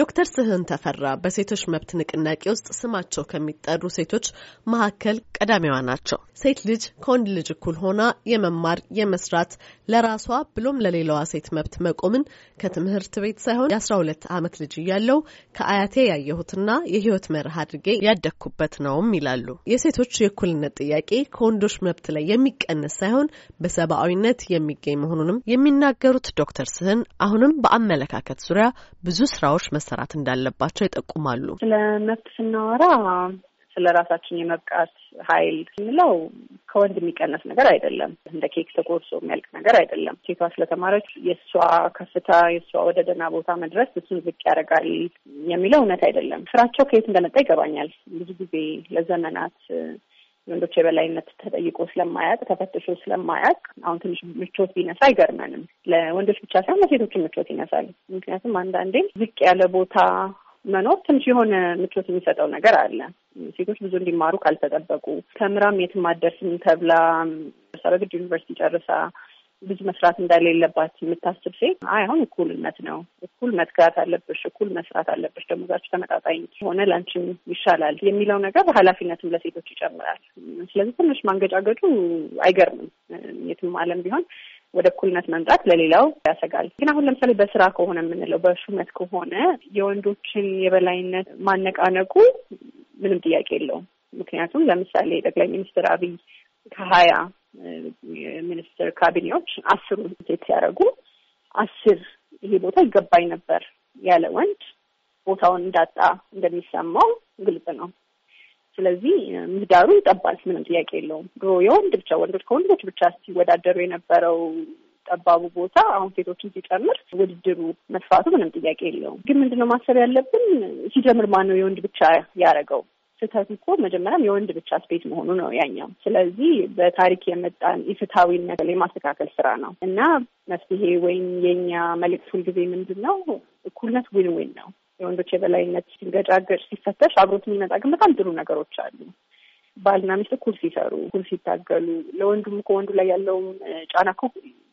ዶክተር ስህን ተፈራ በሴቶች መብት ንቅናቄ ውስጥ ስማቸው ከሚጠሩ ሴቶች መካከል ቀዳሚዋ ናቸው። ሴት ልጅ ከወንድ ልጅ እኩል ሆና የመማር የመስራት፣ ለራሷ ብሎም ለሌላዋ ሴት መብት መቆምን ከትምህርት ቤት ሳይሆን የአስራ ሁለት ዓመት ልጅ እያለው ከአያቴ ያየሁትና የህይወት መርህ አድርጌ ያደግኩበት ነውም ይላሉ። የሴቶች የእኩልነት ጥያቄ ከወንዶች መብት ላይ የሚቀንስ ሳይሆን በሰብአዊነት የሚገኝ መሆኑንም የሚናገሩት ዶክተር ስህን አሁንም በአመለካከት ዙሪያ ብዙ ስራዎች መሰራት እንዳለባቸው ይጠቁማሉ። ስለ መብት ስናወራ ስለ ራሳችን የመብቃት ኃይል ስንለው ከወንድ የሚቀነስ ነገር አይደለም። እንደ ኬክ ተጎርሶ የሚያልቅ ነገር አይደለም። ሴቷ ስለተማረች የእሷ ከፍታ የእሷ ወደ ደህና ቦታ መድረስ እሱን ዝቅ ያደርጋል የሚለው እውነት አይደለም። ስራቸው ከየት እንደመጣ ይገባኛል። ብዙ ጊዜ ለዘመናት ወንዶች የበላይነት ተጠይቆ ስለማያውቅ ተፈትሾ ስለማያውቅ አሁን ትንሽ ምቾት ቢነሳ አይገርመንም። ለወንዶች ብቻ ሳይሆን ለሴቶችን ምቾት ይነሳል። ምክንያቱም አንዳንዴ ዝቅ ያለ ቦታ መኖር ትንሽ የሆነ ምቾት የሚሰጠው ነገር አለ። ሴቶች ብዙ እንዲማሩ ካልተጠበቁ ተምራም የትም አትደርስም ተብላ ሰረግድ ዩኒቨርሲቲ ጨርሳ ብዙ መስራት እንደሌለባት የምታስብ ሴት አይ አሁን እኩልነት ነው፣ እኩል መትጋት አለብሽ፣ እኩል መስራት አለብሽ፣ ደሞዛችሁ ተመጣጣኝ ሆነ ለአንቺም ይሻላል የሚለው ነገር ኃላፊነትም ለሴቶች ይጨምራል። ስለዚህ ትንሽ ማንገጫገጩ አይገርምም። የትም ዓለም ቢሆን ወደ እኩልነት መምጣት ለሌላው ያሰጋል። ግን አሁን ለምሳሌ በስራ ከሆነ የምንለው በሹመት ከሆነ የወንዶችን የበላይነት ማነቃነቁ ምንም ጥያቄ የለውም። ምክንያቱም ለምሳሌ ጠቅላይ ሚኒስትር አብይ ከሀያ ሚኒስትር ካቢኔዎች አስሩን ሴት ሲያደርጉ አስር ይሄ ቦታ ይገባኝ ነበር ያለ ወንድ ቦታውን እንዳጣ እንደሚሰማው ግልጽ ነው። ስለዚህ ምህዳሩ ይጠባል፣ ምንም ጥያቄ የለውም። ድሮ የወንድ ብቻ ወንዶች ከወንዶች ብቻ ሲወዳደሩ የነበረው ጠባቡ ቦታ አሁን ሴቶችን ሲጨምር ውድድሩ መስፋቱ ምንም ጥያቄ የለውም። ግን ምንድነው ማሰብ ያለብን ሲጀምር ነው የወንድ ብቻ ያደረገው ስህተት እኮ መጀመሪያም የወንድ ብቻ ስፔስ መሆኑ ነው ያኛው። ስለዚህ በታሪክ የመጣን ኢፍትሐዊነት የማስተካከል ስራ ነው እና መፍትሄ ወይም የኛ መልእክት ሁልጊዜ ምንድን ነው? እኩልነት ዊን ዊን ነው። የወንዶች የበላይነት ሲንገጫገጭ፣ ሲፈተሽ አብሮት የሚመጣ ግን በጣም ጥሩ ነገሮች አሉ። ባልና ሚስት እኩል ሲሰሩ፣ እኩል ሲታገሉ ለወንዱም ከወንዱ ላይ ያለውም ጫና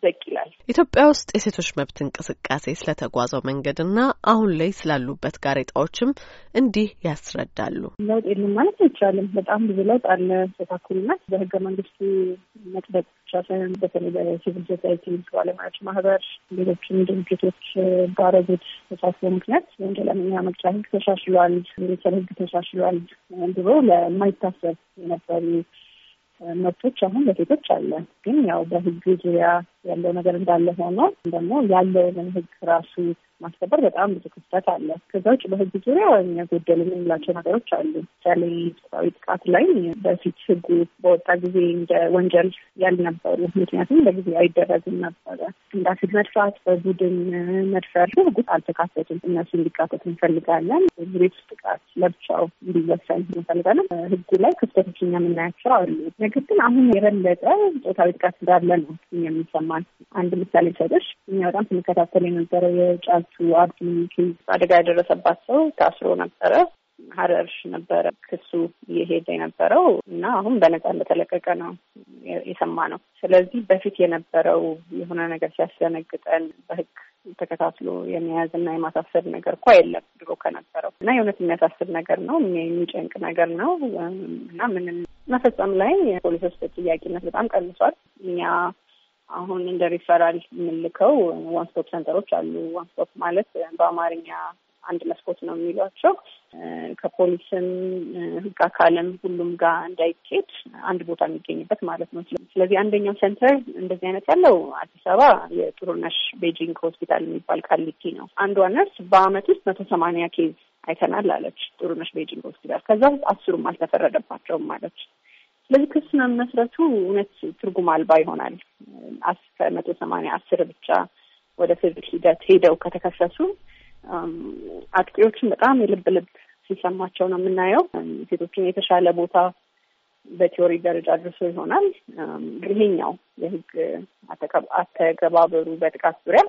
ዘቅ ይላል። ኢትዮጵያ ውስጥ የሴቶች መብት እንቅስቃሴ ስለተጓዘው መንገድና አሁን ላይ ስላሉበት ጋሬጣዎችም እንዲህ ያስረዳሉ። ለውጥ የለም ማለት አይቻልም። በጣም ብዙ ለውጥ አለ። ተካክሉና በህገ መንግስቱ መጥበቅ ብቻ ሳይሆን በተለይ በሲቪል ሶሳይቲ ባለሙያዎች ማህበር፣ ሌሎችም ድርጅቶች ባረጉት ተሳስበ ምክንያት ወንጀለኛ መቅጫ ህግ ተሻሽሏል። ቤተሰብ ህግ ተሻሽሏል። ድሮ ለማይታሰብ የነበሩ መብቶች አሁን ለሴቶች አለ። ግን ያው በህግ ዙሪያ ያለው ነገር እንዳለ ሆኖ ደግሞ ያለውን ህግ ራሱ ማስከበር በጣም ብዙ ክፍተት አለ። ከዛ ውጭ በህግ ዙሪያ የሚያጎደሉ የምንላቸው ነገሮች አሉ። ምሳሌ ጾታዊ ጥቃት ላይ በፊት ህጉ በወጣ ጊዜ እንደ ወንጀል ያልነበሩ ምክንያቱም በጊዜ አይደረግም ነበረ። እንደ መድፋት፣ በቡድን መድፈር ህጉ አልተካተቱም። እነሱ እንዲካተቱ እንፈልጋለን። ቤት ውስጥ ጥቃት ለብቻው እንዲወሰን እንፈልጋለን። ህጉ ላይ ክፍተቶች እኛ የምናያቸው አሉ። ነገር ግን አሁን የበለጠ ጾታዊ ጥቃት እንዳለ ነው የሚሰማን። አንድ ምሳሌ ሰዎች እኛ በጣም ስንከታተል የነበረው የጫ የሟቹ አብዲ አደጋ የደረሰባት ሰው ታስሮ ነበረ። ሀረር ነበረ ክሱ እየሄደ የነበረው እና አሁን በነጻ እንደተለቀቀ ነው የሰማ ነው። ስለዚህ በፊት የነበረው የሆነ ነገር ሲያስደነግጠን በህግ ተከታትሎ የመያዝ እና የማሳሰብ ነገር እኳ የለም ድሮ ከነበረው እና የእውነት የሚያሳስብ ነገር ነው፣ የሚጨንቅ ነገር ነው እና ምንም መፈጸም ላይ ፖሊሶች ተጠያቂነት በጣም ቀንሷል። እኛ አሁን እንደ ሪፈራል የምንልከው ዋንስቶፕ ሰንተሮች አሉ። ዋንስቶፕ ማለት በአማርኛ አንድ መስኮት ነው የሚሏቸው። ከፖሊስም ህግ አካልም ሁሉም ጋር እንዳይኬድ አንድ ቦታ የሚገኝበት ማለት ነው። ስለዚህ አንደኛው ሴንተር እንደዚህ አይነት ያለው አዲስ አበባ የጥሩነሽ ቤጂንግ ሆስፒታል የሚባል ቃሊቲ ነው። አንዷ ነርስ በአመት ውስጥ መቶ ሰማንያ ኬዝ አይተናል አለች ጥሩነሽ ቤጂንግ ሆስፒታል። ከዛ ውስጥ አስሩም አልተፈረደባቸውም አለች። ስለዚህ ክስ መመስረቱ እውነት ትርጉም አልባ ይሆናል። ከመቶ ሰማንያ አስር ብቻ ወደ ፍርድ ሂደት ሄደው ከተከሰሱ አጥቂዎችን በጣም የልብ ልብ ሲሰማቸው ነው የምናየው። ሴቶችን የተሻለ ቦታ በቲዎሪ ደረጃ አድርሶ ይሆናል። ይሄኛው የህግ አተገባበሩ በጥቃት ዙሪያ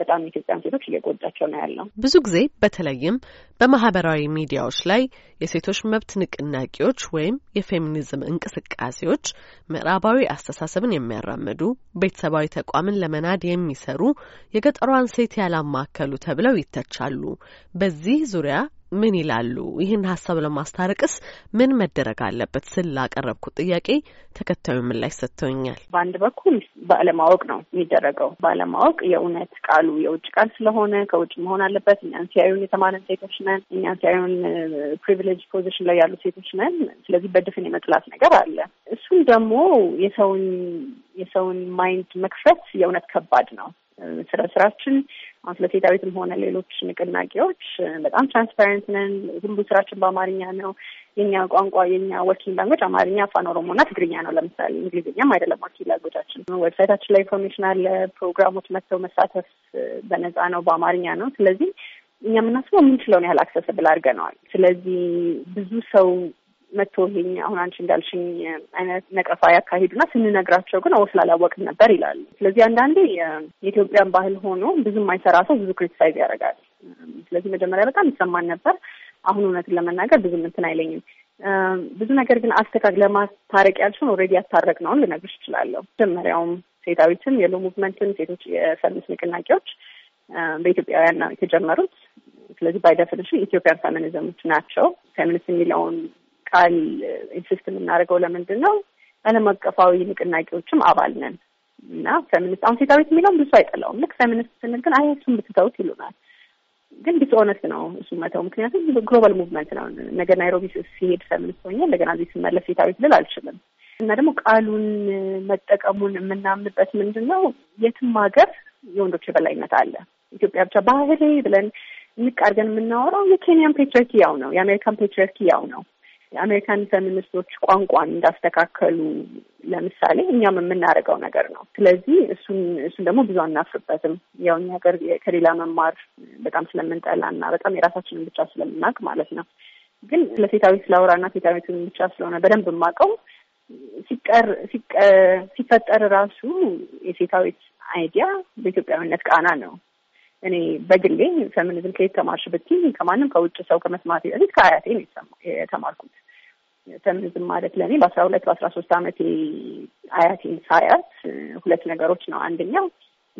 በጣም የኢትዮጵያን ሴቶች እየጎዳቸው ነው ያለው። ብዙ ጊዜ በተለይም በማህበራዊ ሚዲያዎች ላይ የሴቶች መብት ንቅናቄዎች ወይም የፌሚኒዝም እንቅስቃሴዎች ምዕራባዊ አስተሳሰብን የሚያራምዱ ቤተሰባዊ ተቋምን ለመናድ የሚሰሩ የገጠሯን ሴት ያላማከሉ ተብለው ይተቻሉ። በዚህ ዙሪያ ምን ይላሉ? ይህን ሀሳብ ለማስታረቅስ ምን መደረግ አለበት ስል ላቀረብኩት ጥያቄ ተከታዩ ምላሽ ሰጥተውኛል። በአንድ በኩል ባለማወቅ ነው የሚደረገው። ባለማወቅ የእውነት ቃሉ የውጭ ቃል ስለሆነ ከውጭ መሆን አለበት። እኛን ሲያዩን የተማረን ሴቶች ነን። እኛን ሲያዩን ፕሪቪሌጅ ፖዚሽን ላይ ያሉ ሴቶች ነን። ስለዚህ በድፍን የመጥላት ነገር አለ። እሱም ደግሞ የሰውን የሰውን ማይንድ መክፈት የእውነት ከባድ ነው። ስለ ስራችን አትሌቲካዊትም ሆነ ሌሎች ንቅናቄዎች በጣም ትራንስፓረንት ነን። ሁሉ ስራችን በአማርኛ ነው። የኛ ቋንቋ የኛ ወርኪንግ ላንጎች አማርኛ፣ አፋን ኦሮሞና ትግርኛ ነው። ለምሳሌ እንግሊዝኛም አይደለም ወርኪንግ ላንጎቻችን። ዌብሳይታችን ላይ ኢንፎርሜሽን አለ። ፕሮግራሞች መጥተው መሳተፍ በነፃ ነው፣ በአማርኛ ነው። ስለዚህ እኛ የምናስበው የምንችለውን ያህል አክሰስብል አድርገነዋል። ስለዚህ ብዙ ሰው መጥቶ ይሄኝ አሁን አንቺ እንዳልሽኝ አይነት ነቀፋ ያካሂዱና ስንነግራቸው ግን አዎ ስላላወቅን ነበር ይላሉ። ስለዚህ አንዳንዴ የኢትዮጵያን ባህል ሆኖ ብዙም አይሰራ ሰው ብዙ ክሪቲሳይዝ ያደርጋል። ስለዚህ መጀመሪያ በጣም ይሰማን ነበር። አሁን እውነትን ለመናገር ብዙም እንትን አይለኝም። ብዙ ነገር ግን አስተካክ ለማስታረቅ ያልሽውን ኦልሬዲ ያታረቅ ነውን ልነግርሽ እችላለሁ። መጀመሪያውም ሴታዊትን የሎ ሙቭመንትን ሴቶች የፈሚኒስት ንቅናቄዎች በኢትዮጵያውያን ነው የተጀመሩት። ስለዚህ ባይ ዴፊኒሽን ኢትዮጵያን ፌሚኒዝሞች ናቸው። ፌሚኒስት የሚለውን ቃል ኢንሲስት የምናደርገው ለምንድን ነው? ዓለም አቀፋዊ ንቅናቄዎችም አባል ነን እና ፌሚኒስት አሁን ሴታዊት የሚለውም ብዙ አይጠላውም። ልክ ፌሚኒስት ስንል ግን አይ እሱን ብትተውት ይሉናል። ግን ዲስኦነስት ነው እሱ መተው። ምክንያቱም ግሎባል ሙቭመንት ነው። ነገ ናይሮቢ ሲሄድ ፌሚኒስት ሆኜ እንደገና እዚህ ስመለስ ሴታዊት ልል አልችልም። እና ደግሞ ቃሉን መጠቀሙን የምናምንበት ምንድን ነው? የትም ሀገር የወንዶች የበላይነት አለ። ኢትዮጵያ ብቻ ባህሌ ብለን ንቅ አድርገን የምናወራው የኬንያን ፔትሪያርኪ ያው ነው፣ የአሜሪካን ፔትሪያርኪ ያው ነው። የአሜሪካን ፌሚኒስቶች ቋንቋን እንዳስተካከሉ ለምሳሌ እኛም የምናደርገው ነገር ነው። ስለዚህ እሱን እሱን ደግሞ ብዙ አናፍርበትም። ያው እኛ ሀገር ከሌላ መማር በጣም ስለምንጠላ እና በጣም የራሳችንን ብቻ ስለምናውቅ ማለት ነው። ግን ለሴታዊት ስላወራ እና ሴታዊትን ብቻ ስለሆነ በደንብ የማውቀው ሲቀር ሲፈጠር ራሱ የሴታዊት አይዲያ በኢትዮጵያዊነት ቃና ነው እኔ በግሌ ፌሚኒዝም ከየት ተማርሽ ብትይ ከማንም ከውጭ ሰው ከመስማት በፊት ከአያቴ ነው የተማርኩት። ፌሚኒዝም ማለት ለእኔ በአስራ ሁለት በአስራ ሶስት አመት አያቴን ሳያት ሁለት ነገሮች ነው። አንደኛው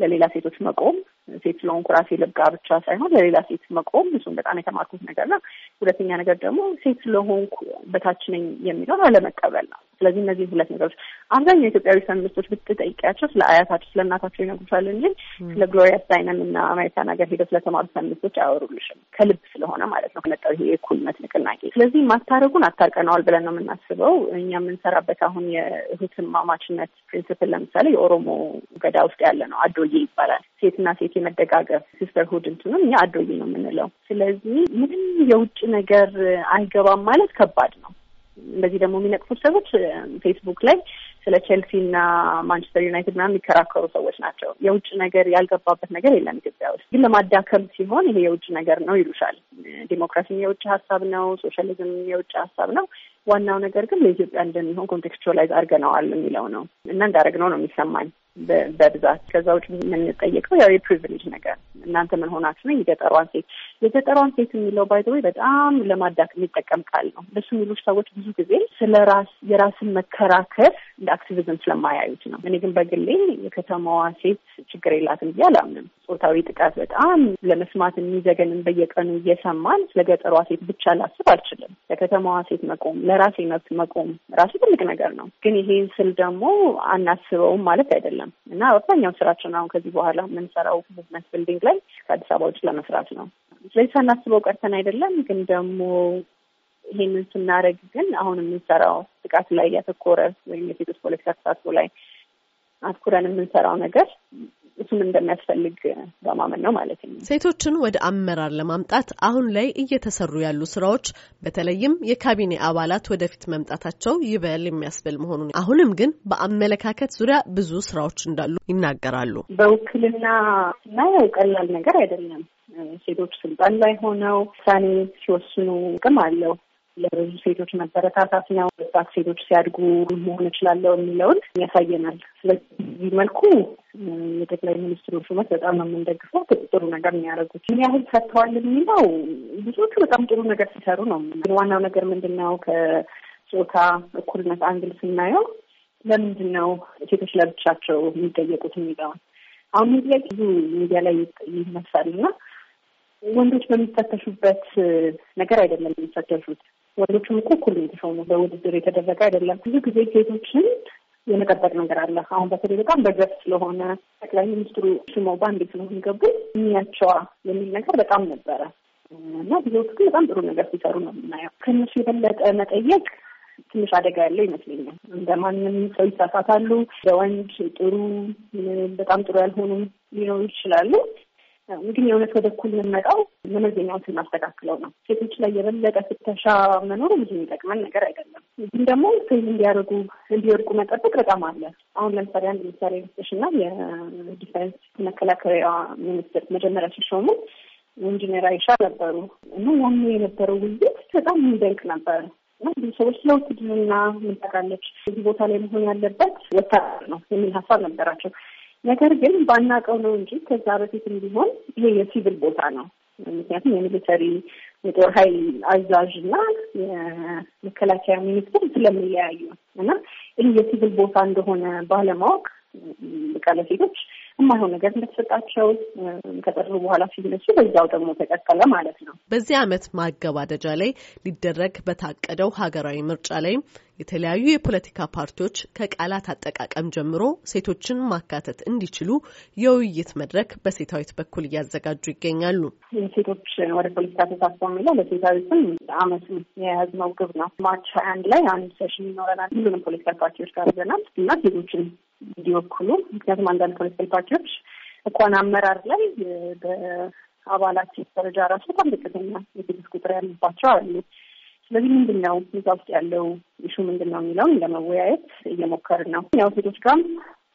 ለሌላ ሴቶች መቆም ሴት ስለሆንኩ ራሴ ልብቃ ብቻ ሳይሆን ለሌላ ሴት መቆም እሱም በጣም የተማርኩት ነገር ነው። ሁለተኛ ነገር ደግሞ ሴት ስለሆንኩ በታች ነኝ የሚለውን አለመቀበል ነው። ስለዚህ እነዚህ ሁለት ነገሮች አብዛኛው ኢትዮጵያዊ ፌሚኒስቶች ብትጠይቂያቸው ስለ አያታቸው ስለ እናታቸው ይነግሩሻል እንጂ ስለ ግሎሪያ ስታይነም እና አሜሪካን ሀገር ሄደው ስለተማሩ ፌሚኒስቶች አያወሩልሽም። ከልብ ስለሆነ ማለት ነው ከመጣው ይሄ የእኩልነት ንቅናቄ። ስለዚህ ማስታረቁን አታርቀነዋል ብለን ነው የምናስበው እኛ የምንሰራበት አሁን የእህትማማችነት ፕሪንስፕል ለምሳሌ የኦሮሞ ገዳ ውስጥ ያለ ነው። አዶዬ ይባላል ሴትና ሴት ይሄ መደጋገፍ ሲስተርሁድ እንትኑም እኛ አዶዬ ነው የምንለው። ስለዚህ ምንም የውጭ ነገር አይገባም ማለት ከባድ ነው። እንደዚህ ደግሞ የሚነቅፉት ሰዎች ፌስቡክ ላይ ስለ ቼልሲ እና ማንቸስተር ዩናይትድ ምናምን የሚከራከሩ ሰዎች ናቸው። የውጭ ነገር ያልገባበት ነገር የለም ኢትዮጵያ ውስጥ። ግን ለማዳከም ሲሆን ይሄ የውጭ ነገር ነው ይሉሻል። ዲሞክራሲም የውጭ ሀሳብ ነው፣ ሶሻሊዝም የውጭ ሀሳብ ነው። ዋናው ነገር ግን ለኢትዮጵያ እንደሚሆን ኮንቴክስቹላይዝ አድርገነዋል የሚለው ነው እና እንዳደረግነው ነው የሚሰማኝ። በብዛት ከዛ ውጭ የምንጠየቀው ያው የፕሪቪሌጅ ነገር እናንተ ምን ሆናችሁ ነው የገጠሯን ሴት የገጠሯን ሴት የሚለው ባይዘወ በጣም ለማዳክ የሚጠቀም ቃል ነው። ለሱ የሚሉች ሰዎች ብዙ ጊዜ ስለ ራስ የራስን መከራከር እንደ አክቲቪዝም ስለማያዩት ነው። እኔ ግን በግሌ የከተማዋ ሴት ችግር የላትም ብዬ አላምንም። ፆታዊ ጥቃት በጣም ለመስማት የሚዘገንን በየቀኑ እየሰማን ስለ ገጠሯ ሴት ብቻ ላስብ አልችልም። ለከተማዋ ሴት መቆም፣ ለራሴ መብት መቆም ራሱ ትልቅ ነገር ነው። ግን ይሄን ስል ደግሞ አናስበውም ማለት አይደለም። አይደለም እና አብዛኛው ስራችን አሁን ከዚህ በኋላ የምንሰራው ሙቭመንት ቢልዲንግ ላይ ከአዲስ አበባ ውጭ ለመስራት ነው። ስለዚህ ሳናስበው ቀርተን አይደለም፣ ግን ደግሞ ይሄንን ስናደርግ ግን አሁን የምንሰራው ጥቃት ላይ ያተኮረ ወይም የሴቶች ፖለቲካ ተሳትፎ ላይ አትኩረን የምንሰራው ነገር እሱም እንደሚያስፈልግ በማመን ነው ማለት ነው። ሴቶችን ወደ አመራር ለማምጣት አሁን ላይ እየተሰሩ ያሉ ስራዎች በተለይም የካቢኔ አባላት ወደፊት መምጣታቸው ይበል የሚያስብል መሆኑን አሁንም ግን በአመለካከት ዙሪያ ብዙ ስራዎች እንዳሉ ይናገራሉ። በውክልና እና ያው ቀላል ነገር አይደለም። ሴቶች ስልጣን ላይ ሆነው ውሳኔ ሲወስኑ ጥቅም አለው ለብዙ ሴቶች መበረታታት ነው። ወጣት ሴቶች ሲያድጉ መሆን እችላለሁ የሚለውን ያሳየናል። ስለዚህ መልኩ የጠቅላይ ሚኒስትሩ ሹመት በጣም ነው የምንደግፈው። ጥሩ ነገር ነው ያደረጉት። ምን ያህል ሰጥተዋል የሚለው ብዙዎቹ በጣም ጥሩ ነገር ሲሰሩ ነው። ግን ዋናው ነገር ምንድን ነው? ከጾታ እኩልነት አንግል ስናየው ለምንድን ነው ሴቶች ለብቻቸው የሚጠየቁት የሚለውን አሁን ይህ ብዙ ሚዲያ ላይ ይመሳል እና ወንዶች በሚፈተሹበት ነገር አይደለም የሚፈተሹት ወንዶችም እኮ እኩል ነው በውድድር የተደረገ አይደለም። ብዙ ጊዜ ሴቶችን የመጠበቅ ነገር አለ። አሁን በተለይ በጣም በገፍ ስለሆነ ጠቅላይ ሚኒስትሩ ሽመው በአንዴ ስለሆን ገቡ እሚያቸዋ የሚል ነገር በጣም ነበረ እና ብዙዎቹ ግን በጣም ጥሩ ነገር ሲሰሩ ነው የምናየው። ከነሱ የበለጠ መጠየቅ ትንሽ አደጋ ያለው ይመስለኛል። እንደ ማንም ሰው ይሳሳታሉ። ለወንድ ጥሩ፣ በጣም ጥሩ ያልሆኑ ሊኖሩ ይችላሉ። እንግዲህ የእውነት ወደ እኩል የምንመጣው መመዘኛውን ስናስተካክለው ነው። ሴቶች ላይ የበለጠ ፍተሻ መኖሩ ብዙ የሚጠቅመን ነገር አይደለም። ግን ደግሞ ፌዝ እንዲያደርጉ እንዲወድቁ መጠበቅ በጣም አለ። አሁን ለምሳሌ አንድ ምሳሌ ሚኒስትሽና የዲፌንስ መከላከያ ሚኒስትር መጀመሪያ ሲሾሙ ኢንጂነር አይሻ ነበሩ እና ያኔ የነበረው ውይይት በጣም የሚደንቅ ነበር። ብዙ ሰዎች ለውትድርና ምን ታውቃለች፣ እዚህ ቦታ ላይ መሆን ያለበት ወታደር ነው የሚል ሀሳብ ነበራቸው። ነገር ግን ባናቀው ነው እንጂ ከዛ በፊትም ቢሆን ይሄ የሲቪል ቦታ ነው። ምክንያቱም የሚሊተሪ የጦር ኃይል አዛዥ እና የመከላከያ ሚኒስትር ስለሚለያዩ እና ይህ የሲቪል ቦታ እንደሆነ ባለማወቅ ቃለ ሴቶች የማይሆን ነገር እንደተሰጣቸው ከጠሩ በኋላ ሲነሱ በዛው ደግሞ ተቀጠለ ማለት ነው። በዚህ አመት ማገባደጃ ላይ ሊደረግ በታቀደው ሀገራዊ ምርጫ ላይ የተለያዩ የፖለቲካ ፓርቲዎች ከቃላት አጠቃቀም ጀምሮ ሴቶችን ማካተት እንዲችሉ የውይይት መድረክ በሴታዊት በኩል እያዘጋጁ ይገኛሉ። ሴቶች ወደ ፖለቲካ ተሳትፎ የሚለው ለሴታዊትም አመቱ የያዝነው ግብ ነው። ማርች ሀያ አንድ ላይ አንድ ሴሽን ይኖረናል። ሁሉንም ፖለቲካል ፓርቲዎች ጋር ጋብዘናል እና ሴቶችን እንዲወክሉ ምክንያቱም አንዳንድ ፖለቲካል ፓርቲዎች እኳን አመራር ላይ በአባላት ደረጃ ራሱ በጣም ዝቅተኛ የሴቶች ቁጥር ያለባቸው አሉ። ስለዚህ ምንድን ነው እዛ ውስጥ ያለው ኢሹ ምንድን ነው የሚለውን ለመወያየት እየሞከር ነው። ያው ሴቶች ጋርም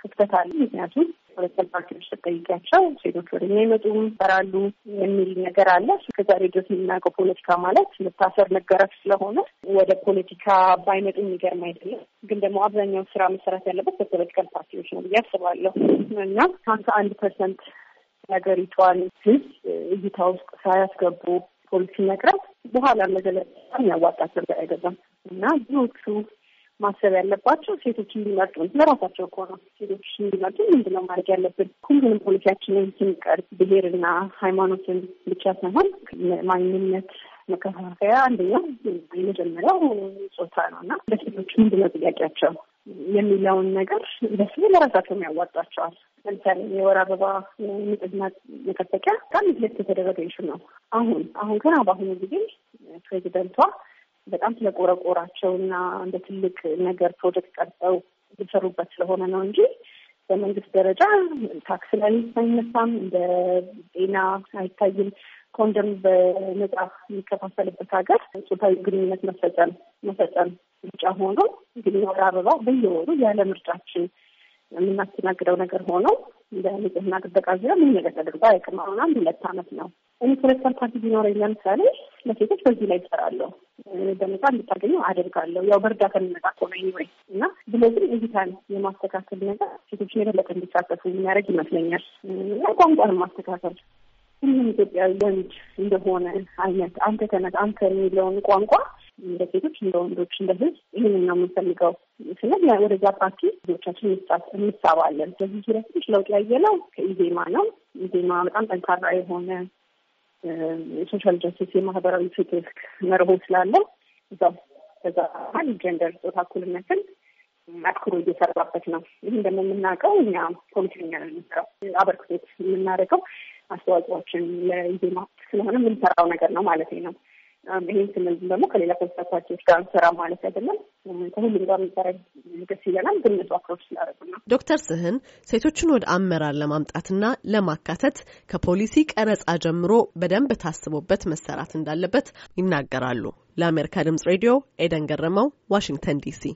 ክፍተት አለ። ምክንያቱም ፖለቲካል ፓርቲዎች ስጠይቂያቸው ሴቶች ወደ እኛ ይመጡም ይሰራሉ የሚል ነገር አለ። ከዛ ድረስ የምናውቀው ፖለቲካ ማለት መታሰር፣ መገረፍ ስለሆነ ወደ ፖለቲካ ባይመጡ የሚገርም አይደለም። ግን ደግሞ አብዛኛው ስራ መሰራት ያለበት በፖለቲካል ፓርቲዎች ነው ብዬ አስባለሁ እና ሀምሳ አንድ ፐርሰንት ሀገሪቷን ህዝብ እይታ ውስጥ ሳያስገቡ ፖሊሲ መቅረብ በኋላ ለገለጣም ያዋጣት ጉዳይ አይደለም እና ብዙዎቹ ማሰብ ያለባቸው ሴቶች እንዲመርጡ ለራሳቸው ከሆነ ሴቶች እንዲመርጡ ነው ማድረግ ያለብን? ሁሉንም ፖሊሲያችንን ስንቀርጽ ብሔርና ሃይማኖትን ብቻ ሳይሆን ማንነት መከፋፈያ አንደኛው የመጀመሪያው ጾታ ነው እና ለሴቶች ነው ጥያቄያቸው? የሚለውን ነገር በስ ለራሳቸው የሚያዋጣቸዋል። ለምሳሌ የወር አበባ ንጽህና መጠበቂያ በጣም ሁለት የተደረገ ይሹ ነው። አሁን አሁን ግን በአሁኑ ጊዜ ፕሬዚደንቷ በጣም ስለቆረቆራቸው እና እንደ ትልቅ ነገር ፕሮጀክት ቀርጸው የሰሩበት ስለሆነ ነው እንጂ በመንግስት ደረጃ ታክስ ላይ አይነሳም፣ እንደ ጤና አይታይም። ኮንደም በነጻ የሚከፋፈልበት ሀገር ጾታዊ ግንኙነት መፈጸም መፈጸም ምርጫ ሆኖ እንግዲህ ወር አበባ በየወሩ ያለ ምርጫችን የምናስተናግደው ነገር ሆኖ በንጽህና ጥበቃ ዙሪያ ምን ነገር ተደርጓ አያውቅም። አሁን አንድ ሁለት አመት ነው። እኔ ፖለቲካል ፓርቲ ቢኖረኝ ለምሳሌ ለሴቶች በዚህ ላይ ይሰራለሁ፣ በነጻ እንድታገኘው አደርጋለሁ። ያው በእርዳታ የሚመጣ ከሆነ ኒወይ እና ስለዚህ እዚታን የማስተካከል ነገር ሴቶችን የበለጠ እንዲሳተፉ የሚያደርግ ይመስለኛል። ቋንቋን ማስተካከል ሁሉም ኢትዮጵያዊ ወንድ እንደሆነ አይነት አንተ ተነት አንተ የሚለውን ቋንቋ እንደ ሴቶች እንደ ወንዶች እንደ ህዝብ ይህንን ነው የምንፈልገው ስለ ወደዛ ፓርቲ ልጆቻችን እንሳባለን። በዚህ ዙሪያ ትንሽ ለውጥ ያየነው ከኢዜማ ነው። ኢዜማ በጣም ጠንካራ የሆነ የሶሻል ጀስቲስ የማህበራዊ ፍትህ መርሆ ስላለው እዛ ከዛ ጀንደር ጾታ እኩልነትን አትኩሮ እየሰራበት ነው። ይህም ደግሞ የምናውቀው እኛ ፖለቲከኛ ነው የሚሰራው አበርክቶት የምናደርገው አስተዋጽኦችን ለዜማ ስለሆነ የምንሰራው ነገር ነው ማለት ነው። ይህን ስንል ደግሞ ከሌላ ፖለቲካ ፓርቲዎች ጋር እንሰራ ማለት አይደለም። ከሁሉም ጋር ሚሰራ ደስ ይለናል፣ ግን ነጹ አክሮች ስላደረጉ ነው። ዶክተር ስህን ሴቶችን ወደ አመራር ለማምጣትና ለማካተት ከፖሊሲ ቀረጻ ጀምሮ በደንብ ታስቦበት መሰራት እንዳለበት ይናገራሉ። ለአሜሪካ ድምጽ ሬዲዮ ኤደን ገረመው፣ ዋሽንግተን ዲሲ